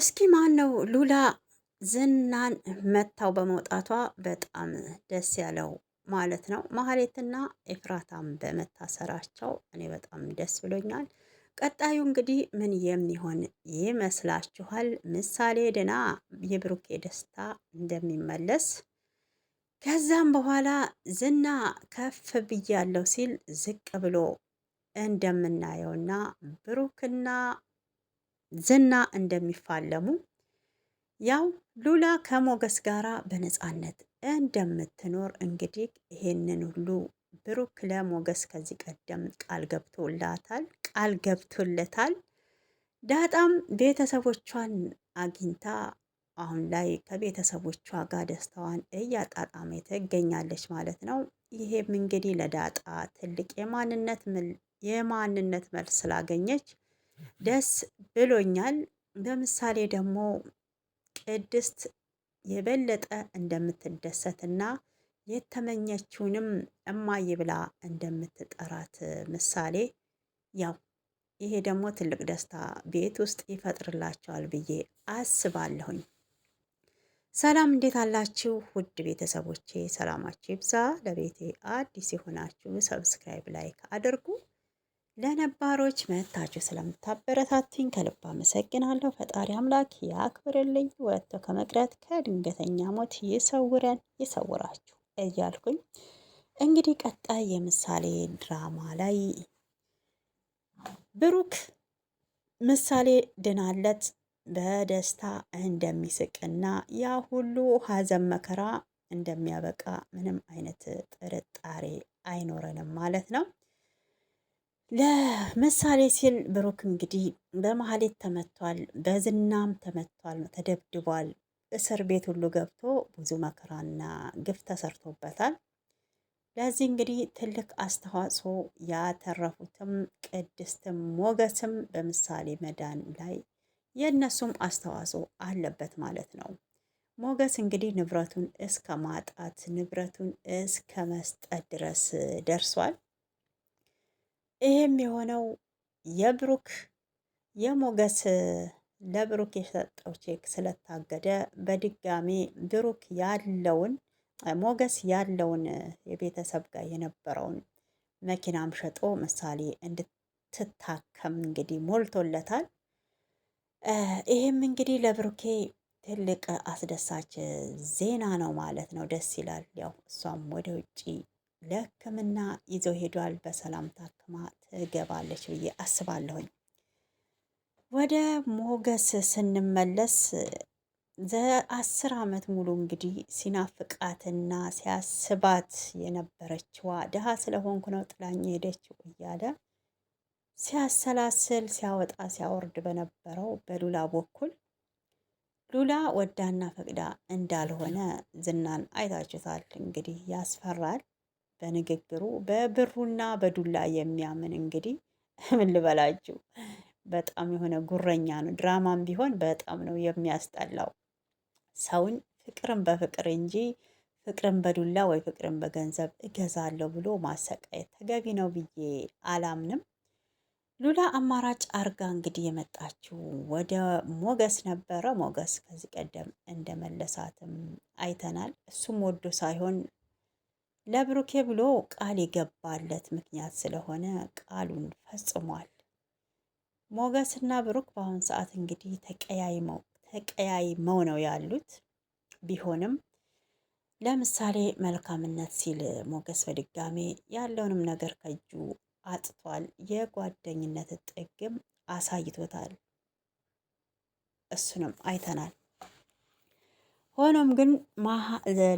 እስኪ ማን ነው ሉላ ዝናን መታው በመውጣቷ በጣም ደስ ያለው ማለት ነው። ማህሌትና ኤፍራታም በመታሰራቸው እኔ በጣም ደስ ብሎኛል። ቀጣዩ እንግዲህ ምን የሚሆን ይመስላችኋል? ምሳሌ ድና የብሩኬ ደስታ እንደሚመለስ ከዛም በኋላ ዝና ከፍ ብያለው ሲል ዝቅ ብሎ እንደምናየውና ብሩክና ዝና እንደሚፋለሙ ያው ሉላ ከሞገስ ጋራ በነፃነት እንደምትኖር እንግዲህ ይሄንን ሁሉ ብሩክ ለሞገስ ከዚህ ቀደም ቃል ገብቶላታል ቃል ገብቶለታል። ዳጣም ቤተሰቦቿን አግኝታ አሁን ላይ ከቤተሰቦቿ ጋር ደስታዋን እያጣጣመ ትገኛለች ማለት ነው። ይሄም እንግዲህ ለዳጣ ትልቅ የማንነት የማንነት መልስ ስላገኘች ደስ ብሎኛል። በምሳሌ ደግሞ ቅድስት የበለጠ እንደምትደሰትና የተመኘችውንም እማዬ ብላ እንደምትጠራት ምሳሌ ያው ይሄ ደግሞ ትልቅ ደስታ ቤት ውስጥ ይፈጥርላቸዋል ብዬ አስባለሁኝ። ሰላም እንዴት አላችሁ? ውድ ቤተሰቦቼ ሰላማችሁ ይብዛ። ለቤቴ አዲስ የሆናችሁ ሰብስክራይብ፣ ላይክ አድርጉ። ለነባሮች መታችሁ ስለምታበረታትኝ ከልብ አመሰግናለሁ። ፈጣሪ አምላክ ያክብርልኝ። ወጥቶ ከመቅረት ከድንገተኛ ሞት ይሰውረን፣ ይሰውራችሁ እያልኩኝ እንግዲህ ቀጣይ የምሳሌ ድራማ ላይ ብሩክ ምሳሌ ድናለት በደስታ እንደሚስቅና ያ ሁሉ ሀዘን መከራ እንደሚያበቃ ምንም አይነት ጥርጣሬ አይኖረንም ማለት ነው። ለምሳሌ ሲል ብሩክ እንግዲህ በመሀሌት ተመቷል፣ በዝናም ተመቷል፣ ተደብድቧል። እስር ቤት ሁሉ ገብቶ ብዙ መከራና ግፍ ተሰርቶበታል። ለዚህ እንግዲህ ትልቅ አስተዋጽኦ ያተረፉትም ቅድስትም ሞገስም በምሳሌ መዳን ላይ የእነሱም አስተዋጽኦ አለበት ማለት ነው። ሞገስ እንግዲህ ንብረቱን እስከ ማጣት ንብረቱን እስከ መስጠት ድረስ ደርሷል። ይሄም የሆነው የብሩክ የሞገስ ለብሩክ የሰጠው ቼክ ስለታገደ በድጋሚ ብሩክ ያለውን ሞገስ ያለውን የቤተሰብ ጋር የነበረውን መኪናም ሸጦ ምሳሌ እንድትታከም እንግዲህ ሞልቶለታል። ይህም እንግዲህ ለብሩኬ ትልቅ አስደሳች ዜና ነው ማለት ነው። ደስ ይላል። ያው እሷም ወደ ውጭ ለህክምና ይዘው ሄዷል። በሰላም ታክማ ትገባለች ብዬ አስባለሁኝ። ወደ ሞገስ ስንመለስ አስር ዓመት ሙሉ እንግዲህ ሲናፍቃትና ሲያስባት የነበረችዋ ድሃ ስለሆንኩ ነው ጥላኝ ሄደችው እያለ ሲያሰላስል ሲያወጣ ሲያወርድ በነበረው በሉላ በኩል ሉላ ወዳና ፈቅዳ እንዳልሆነ ዝናን አይታችሁታል። እንግዲህ ያስፈራል። በንግግሩ በብሩና በዱላ የሚያምን እንግዲህ ምን ልበላችሁ፣ በጣም የሆነ ጉረኛ ነው። ድራማም ቢሆን በጣም ነው የሚያስጠላው። ሰውን ፍቅርን በፍቅር እንጂ ፍቅርን በዱላ ወይ ፍቅርን በገንዘብ እገዛለሁ ብሎ ማሰቃየት ተገቢ ነው ብዬ አላምንም። ሉላ አማራጭ አርጋ እንግዲህ የመጣችው ወደ ሞገስ ነበረ። ሞገስ ከዚህ ቀደም እንደመለሳትም አይተናል። እሱም ወዶ ሳይሆን ለብሩኬ ብሎ ቃል የገባለት ምክንያት ስለሆነ ቃሉን ፈጽሟል። ሞገስና ብሩክ በአሁን ሰዓት እንግዲህ ተቀያይመው ተቀያይመው ነው ያሉት። ቢሆንም ለምሳሌ መልካምነት ሲል ሞገስ በድጋሜ ያለውንም ነገር ከእጁ አጥቷል። የጓደኝነት ጥግም አሳይቶታል። እሱንም አይተናል። ሆኖም ግን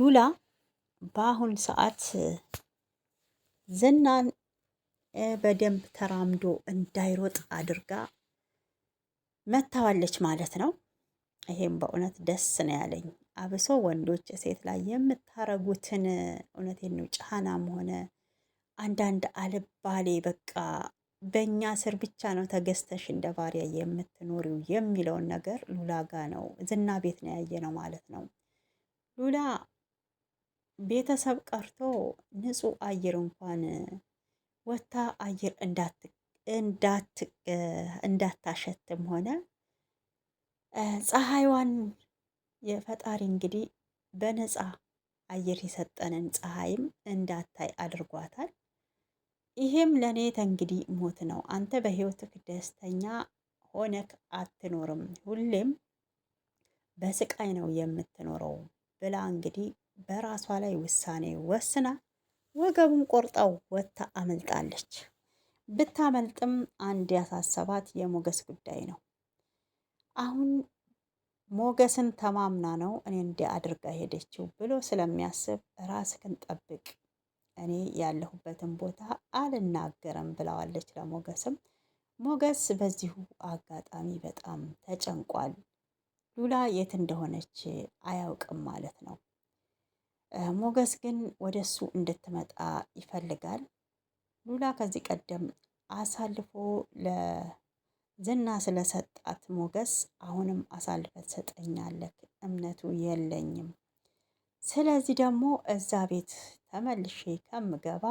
ሉላ በአሁን ሰዓት ዝናን በደንብ ተራምዶ እንዳይሮጥ አድርጋ መታዋለች ማለት ነው። ይሄም በእውነት ደስ ነው ያለኝ። አብሶ ወንዶች ሴት ላይ የምታረጉትን እውነቴን ነው ጫናም ሆነ አንዳንድ አልባሌ በቃ በእኛ ስር ብቻ ነው ተገዝተሽ እንደ ባሪያ የምትኖሪው የሚለውን ነገር ሉላ ጋ ነው ዝና ቤት ነው ያየ ነው ማለት ነው ሉላ ቤተሰብ ቀርቶ ንጹህ አየር እንኳን ወታ አየር እንዳታሸትም ሆነ ፀሐይዋን የፈጣሪ እንግዲህ በነፃ አየር የሰጠንን ፀሐይም እንዳታይ አድርጓታል። ይሄም ለእኔ እንግዲህ ሞት ነው። አንተ በህይወትክ ደስተኛ ሆነክ አትኖርም፣ ሁሌም በስቃይ ነው የምትኖረው ብላ እንግዲህ በራሷ ላይ ውሳኔ ወስና ወገቡን ቆርጣው ወጥታ አመልጣለች። ብታመልጥም አንድ ያሳሰባት የሞገስ ጉዳይ ነው። አሁን ሞገስን ተማምና ነው እኔ እንዲህ አድርጋ ሄደችው ብሎ ስለሚያስብ ራስህን ጠብቅ፣ እኔ ያለሁበትን ቦታ አልናገርም ብለዋለች ለሞገስም። ሞገስ በዚሁ አጋጣሚ በጣም ተጨንቋል። ሉላ የት እንደሆነች አያውቅም ማለት ነው። ሞገስ ግን ወደ እሱ እንድትመጣ ይፈልጋል። ሉላ ከዚህ ቀደም አሳልፎ ለዝና ስለሰጣት ሞገስ አሁንም አሳልፈ ትሰጠኛለህ፣ እምነቱ የለኝም። ስለዚህ ደግሞ እዛ ቤት ተመልሼ ከምገባ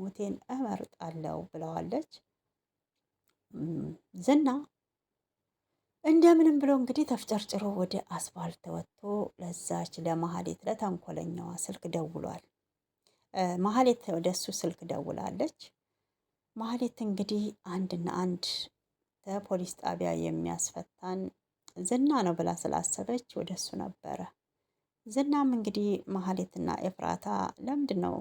ሞቴን እመርጣለሁ ብለዋለች። ዝና እንደምንም ብሎ እንግዲህ ተፍጨርጭሮ ወደ አስፋልት ወጥቶ ለዛች ለመሀሌት ለተንኮለኛዋ ስልክ ደውሏል። መሀሌት ወደ እሱ ስልክ ደውላለች። መሀሌት እንግዲህ አንድና አንድ ከፖሊስ ጣቢያ የሚያስፈታን ዝና ነው ብላ ስላሰበች ወደ እሱ ነበረ። ዝናም እንግዲህ መሀሌትና ኤፍራታ ለምንድን ነው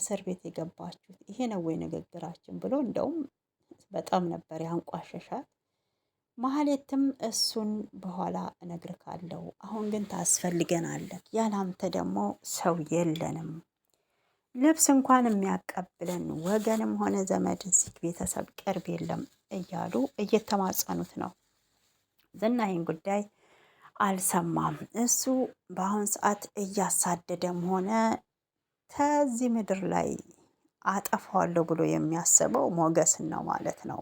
እስር ቤት የገባችሁት? ይሄ ነው ወይ ንግግራችን ብሎ እንደውም በጣም ነበር ያንቋሸሻት። ማህሌትም እሱን በኋላ እነግርካለሁ፣ አሁን ግን ታስፈልገናለህ፣ ያላንተ ደግሞ ሰው የለንም። ልብስ እንኳን የሚያቀብለን ወገንም ሆነ ዘመድ እዚህ ቤተሰብ ቅርብ የለም እያሉ እየተማጸኑት ነው። ዝናይን ጉዳይ አልሰማም። እሱ በአሁን ሰዓት እያሳደደም ሆነ ከዚህ ምድር ላይ አጠፋዋለሁ ብሎ የሚያስበው ሞገስን ነው ማለት ነው።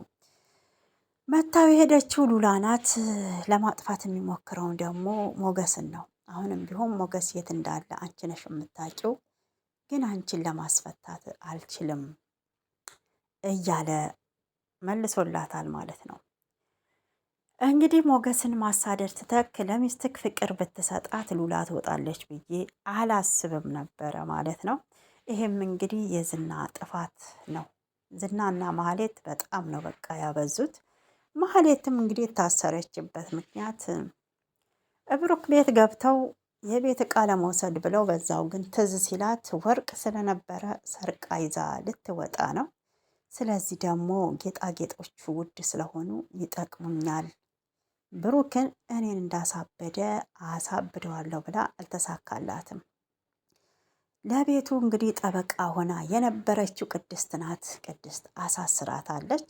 መታው የሄደችው ሉላ ናት። ለማጥፋት የሚሞክረውን ደግሞ ሞገስን ነው። አሁንም ቢሆን ሞገስ የት እንዳለ አንቺ ነሽ የምታውቂው፣ ግን አንቺን ለማስፈታት አልችልም እያለ መልሶላታል ማለት ነው። እንግዲህ ሞገስን ማሳደድ ትተክ ለሚስትክ ፍቅር ብትሰጣት ሉላ ትወጣለች ብዬ አላስብም ነበረ ማለት ነው። ይሄም እንግዲህ የዝና ጥፋት ነው። ዝናና ማህሌት በጣም ነው በቃ ያበዙት። ማህሌትም እንግዲህ የታሰረችበት ምክንያት ብሩክ ቤት ገብተው የቤት ዕቃ ለመውሰድ ብለው በዛው ግን ትዝ ሲላት ወርቅ ስለነበረ ሰርቃ ይዛ ልትወጣ ነው። ስለዚህ ደግሞ ጌጣጌጦቹ ውድ ስለሆኑ ይጠቅሙኛል፣ ብሩክን እኔን እንዳሳበደ አሳብደዋለሁ ብላ አልተሳካላትም። ለቤቱ እንግዲህ ጠበቃ ሆና የነበረችው ቅድስት ናት። ቅድስት አሳስራታለች።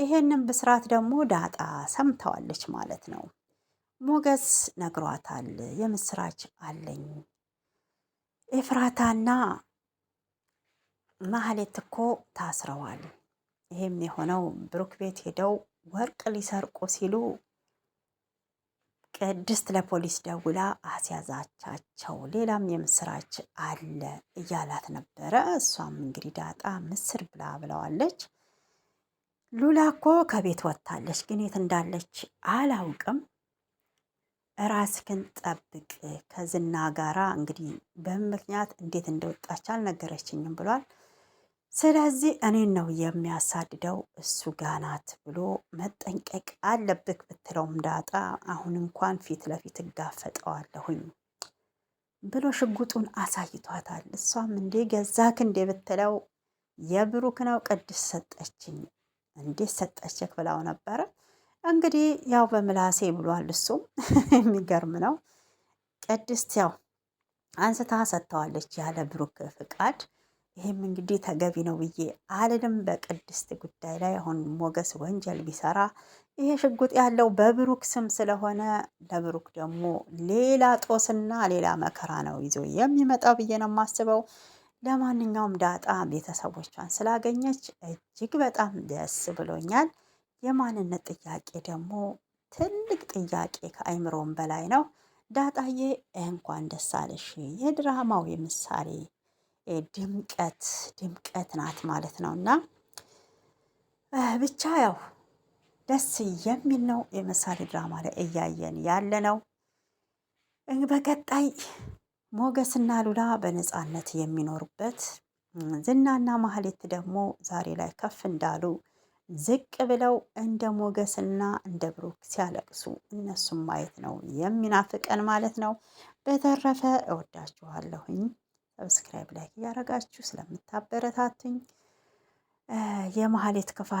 ይሄንን ብስራት ደግሞ ዳጣ ሰምተዋለች ማለት ነው። ሞገስ ነግሯታል። የምስራች አለኝ ኤፍራታና ማህሌት እኮ ታስረዋል። ይህም የሆነው ብሩክ ቤት ሄደው ወርቅ ሊሰርቁ ሲሉ ቅድስት ለፖሊስ ደውላ አስያዛቻቸው። ሌላም የምስራች አለ እያላት ነበረ። እሷም እንግዲህ ዳጣ ምስር ብላ ብለዋለች። ሉላ እኮ ከቤት ወጥታለች፣ ግን የት እንዳለች አላውቅም። ራስክን ጠብቅ ከዝና ጋራ እንግዲህ በምን ምክንያት እንዴት እንደወጣች አልነገረችኝም ብሏል። ስለዚህ እኔን ነው የሚያሳድደው እሱ ጋናት ብሎ መጠንቀቅ አለብክ ብትለውም ዳጣ አሁን እንኳን ፊት ለፊት እጋፈጠዋለሁኝ ብሎ ሽጉጡን አሳይቷታል። እሷም እንዴ ገዛክ እንዴ ብትለው የብሩክ ነው ቅድስ ሰጠችኝ እንዴት ሰጠችክ ብላው ነበረ። እንግዲህ ያው በምላሴ ብሏል እሱም የሚገርም ነው። ቅድስት ያው አንስታ ሰጥተዋለች ያለ ብሩክ ፍቃድ። ይህም እንግዲህ ተገቢ ነው ብዬ አልልም። በቅድስት ጉዳይ ላይ አሁን ሞገስ ወንጀል ቢሰራ ይሄ ሽጉጥ ያለው በብሩክ ስም ስለሆነ ለብሩክ ደግሞ ሌላ ጦስና ሌላ መከራ ነው ይዞ የሚመጣው ብዬ ነው የማስበው። ለማንኛውም ዳጣ ቤተሰቦቿን ስላገኘች እጅግ በጣም ደስ ብሎኛል። የማንነት ጥያቄ ደግሞ ትልቅ ጥያቄ ከአይምሮም በላይ ነው። ዳጣዬ እንኳን ደስ አለሽ። የድራማው የምሳሌ ድምቀት ድምቀት ናት ማለት ነው እና ብቻ ያው ደስ የሚል ነው። የምሳሌ ድራማ ላይ እያየን ያለ ነው። በቀጣይ ሞገስና ሉላ በነፃነት የሚኖሩበት ዝናና ማህሌት ደግሞ ዛሬ ላይ ከፍ እንዳሉ ዝቅ ብለው እንደ ሞገስና እንደ ብሩክ ሲያለቅሱ እነሱም ማየት ነው የሚናፍቀን ማለት ነው። በተረፈ እወዳችኋለሁኝ። ሰብስክራይብ፣ ላይክ እያደረጋችሁ ስለምታበረታትኝ የማህሌት ክፋት